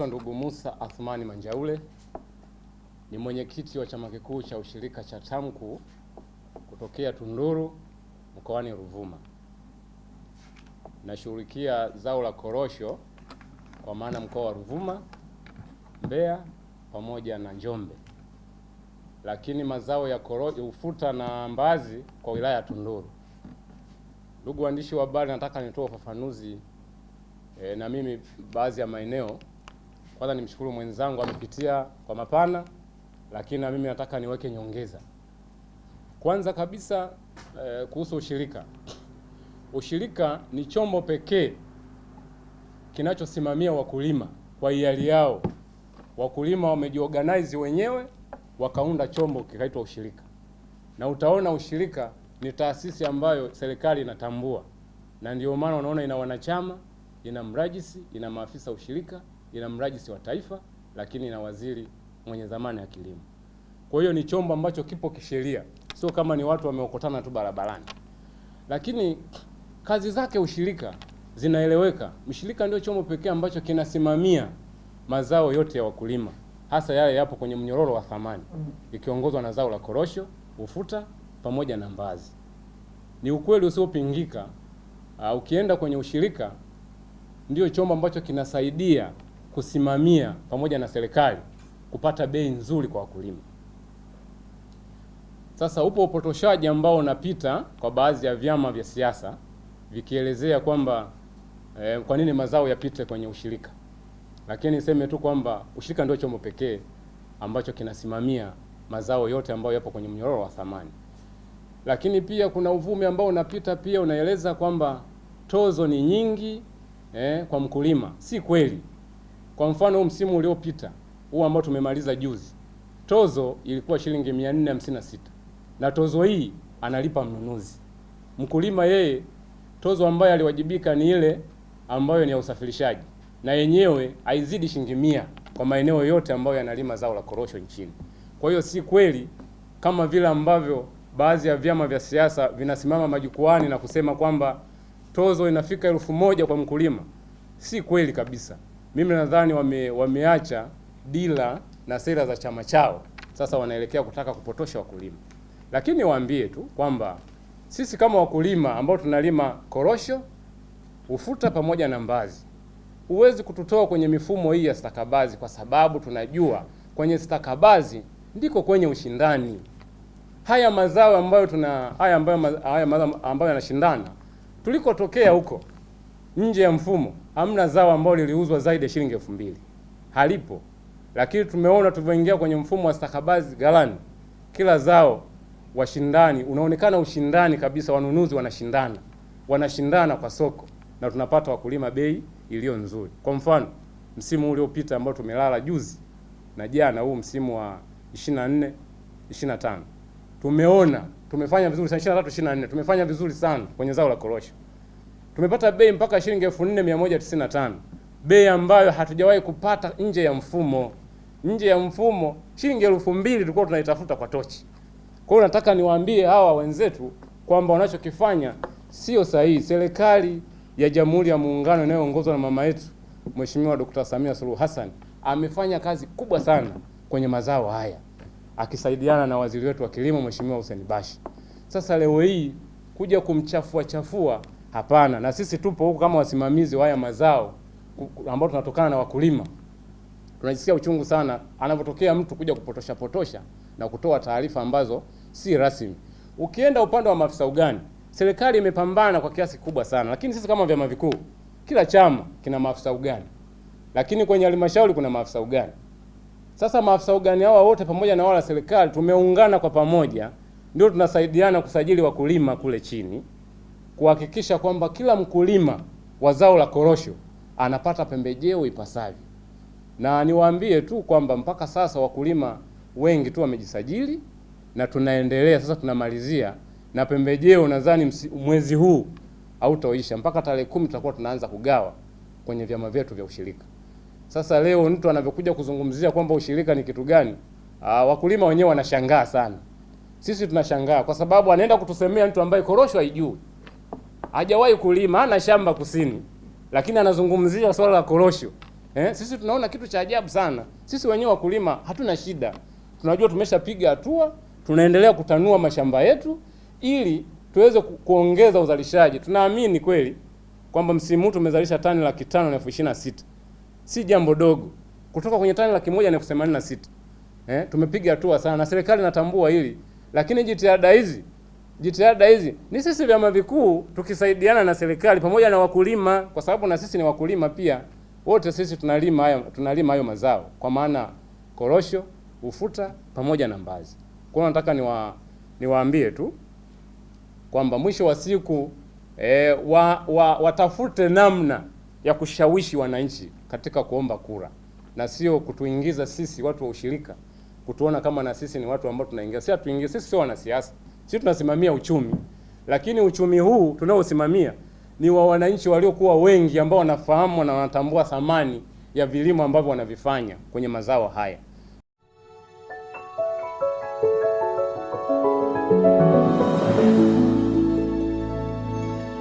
Naitwa ndugu Musa Athmani Manjaule, ni mwenyekiti wa chama kikuu cha ushirika cha tamku kutokea Tunduru mkoani Ruvuma. Nashughulikia zao la korosho kwa maana mkoa wa Ruvuma, Mbeya pamoja na Njombe, lakini mazao ya korosho, ufuta na mbazi kwa wilaya ya Tunduru. Ndugu waandishi wa habari, nataka nitoe ufafanuzi e, na mimi baadhi ya maeneo kwanza nimshukuru mwenzangu amepitia kwa mapana, lakini na mimi nataka niweke nyongeza. Kwanza kabisa eh, kuhusu ushirika. Ushirika ni chombo pekee kinachosimamia wakulima kwa hiari yao. Wakulima wamejiorganize wenyewe wakaunda chombo kikaitwa ushirika, na utaona ushirika ni taasisi ambayo serikali inatambua, na ndio maana unaona ina wanachama, ina mrajisi, ina maafisa ushirika ina mrajisi wa taifa, lakini ina waziri mwenye dhamana ya kilimo. Kwa hiyo ni chombo ambacho kipo kisheria, sio kama ni watu wameokotana tu barabarani, lakini kazi zake ushirika zinaeleweka. Mshirika ndio chombo pekee ambacho kinasimamia mazao yote ya wakulima, hasa yale yapo kwenye mnyororo wa thamani, ikiongozwa na zao la korosho, ufuta pamoja na mbazi. Ni ukweli usiopingika. Uh, ukienda kwenye ushirika ndio chombo ambacho kinasaidia kusimamia pamoja na serikali kupata bei nzuri kwa wakulima. Sasa upo upotoshaji ambao unapita kwa baadhi ya vyama vya siasa vikielezea kwamba eh, kwa nini mazao yapite kwenye ushirika, lakini niseme tu kwamba ushirika ndio chombo pekee ambacho kinasimamia mazao yote ambayo yapo kwenye mnyororo wa thamani. Lakini pia kuna uvumi ambao unapita pia unaeleza kwamba tozo ni nyingi eh, kwa mkulima. Si kweli. Kwa mfano huu msimu uliopita huu ambao tumemaliza juzi, tozo ilikuwa shilingi 456 na tozo hii analipa mnunuzi. Mkulima yeye tozo ambayo aliwajibika ni ile ambayo ni ya usafirishaji, na yenyewe haizidi shilingi mia kwa maeneo yote ambayo yanalima zao la korosho nchini. Kwa hiyo si kweli kama vile ambavyo baadhi ya vyama vya siasa vinasimama majukwani na kusema kwamba tozo inafika elfu moja kwa mkulima. Si kweli kabisa mimi nadhani wame, wameacha dila na sera za chama chao, sasa wanaelekea kutaka kupotosha wakulima. Lakini niwaambie tu kwamba sisi kama wakulima ambao tunalima korosho, ufuta pamoja na mbazi, huwezi kututoa kwenye mifumo hii ya stakabazi, kwa sababu tunajua kwenye stakabazi ndiko kwenye ushindani. Haya mazao ambayo tuna haya ambayo haya mazao ambayo yanashindana tulikotokea huko nje ya mfumo hamna zao ambalo liliuzwa zaidi ya shilingi elfu mbili halipo. Lakini tumeona tulivyoingia kwenye mfumo wa stakabadhi ghalani, kila zao washindani, unaonekana ushindani kabisa, wanunuzi wanashindana, wanashindana kwa soko na tunapata wakulima bei iliyo nzuri. Kwa mfano msimu uliopita ambao tumelala juzi na jana, huu msimu wa 24 25 tumeona tumefanya vizuri sana, 23 24 tumefanya vizuri sana kwenye zao la korosho tumepata bei mpaka shilingi 4195 bei ambayo hatujawahi kupata nje ya mfumo. Nje ya mfumo shilingi elfu mbili tulikuwa tunaitafuta kwa tochi. Kwa hiyo nataka niwaambie hawa wenzetu kwamba wanachokifanya sio sahihi. Serikali ya Jamhuri ya Muungano inayoongozwa na mama yetu Mheshimiwa Dkt. Samia Suluhu Hassan amefanya kazi kubwa sana kwenye mazao haya akisaidiana na waziri wetu wa kilimo Mheshimiwa Hussein Bashi. Sasa leo hii kuja kumchafua chafua Hapana, na sisi tupo huku kama wasimamizi wa haya mazao ambao tunatokana na wakulima, tunajisikia uchungu sana anavyotokea mtu kuja kupotosha potosha na kutoa taarifa ambazo si rasmi. Ukienda upande wa maafisa ugani, serikali imepambana kwa kiasi kubwa sana, lakini sisi kama vyama vikuu, kila chama kina maafisa ugani, lakini kwenye halmashauri kuna maafisa ugani. Sasa maafisa ugani hawa wote pamoja na wala serikali tumeungana kwa pamoja, ndio tunasaidiana kusajili wakulima kule chini kuhakikisha kwamba kila mkulima wa zao la korosho anapata pembejeo ipasavyo, na niwaambie tu kwamba mpaka sasa wakulima wengi tu wamejisajili na tunaendelea sasa, tunamalizia na pembejeo. Nadhani mwezi huu hautaisha, mpaka tarehe kumi tutakuwa tunaanza kugawa kwenye vyama vyetu vya ushirika. Sasa leo mtu anavyokuja kuzungumzia kwamba ushirika ni kitu gani, aa, ah, wakulima wenyewe wanashangaa sana. Sisi tunashangaa kwa sababu anaenda kutusemea mtu ambaye korosho haijui hajawahi kulima, hana shamba kusini, lakini anazungumzia swala la korosho eh. Sisi tunaona kitu cha ajabu sana. Sisi wenyewe wakulima hatuna shida, tunajua tumeshapiga hatua, tunaendelea kutanua mashamba yetu ili tuweze kuongeza uzalishaji. Tunaamini kweli kwamba msimu huu tumezalisha tani laki tano na elfu ishirini na sita si jambo dogo, kutoka kwenye tani laki moja na elfu themanini na sita eh, tumepiga hatua sana na serikali inatambua hili, lakini jitihada hizi jitihada hizi ni sisi vyama vikuu tukisaidiana na serikali pamoja na wakulima, kwa sababu na sisi ni wakulima pia. Wote sisi tunalima hayo, tunalima hayo mazao kwa maana korosho, ufuta pamoja na mbazi. Kwa hiyo nataka niwa niwaambie tu kwamba mwisho wa siku e, wa, wa, watafute namna ya kushawishi wananchi katika kuomba kura na sio kutuingiza sisi watu wa ushirika kutuona kama na sisi ni watu ambao tunaingia. Sisi hatuingia, sisi sio wanasiasa si tunasimamia uchumi, lakini uchumi huu tunaosimamia ni wa wananchi waliokuwa wengi ambao wanafahamu na wanatambua thamani ya vilimo ambavyo wanavifanya kwenye mazao haya.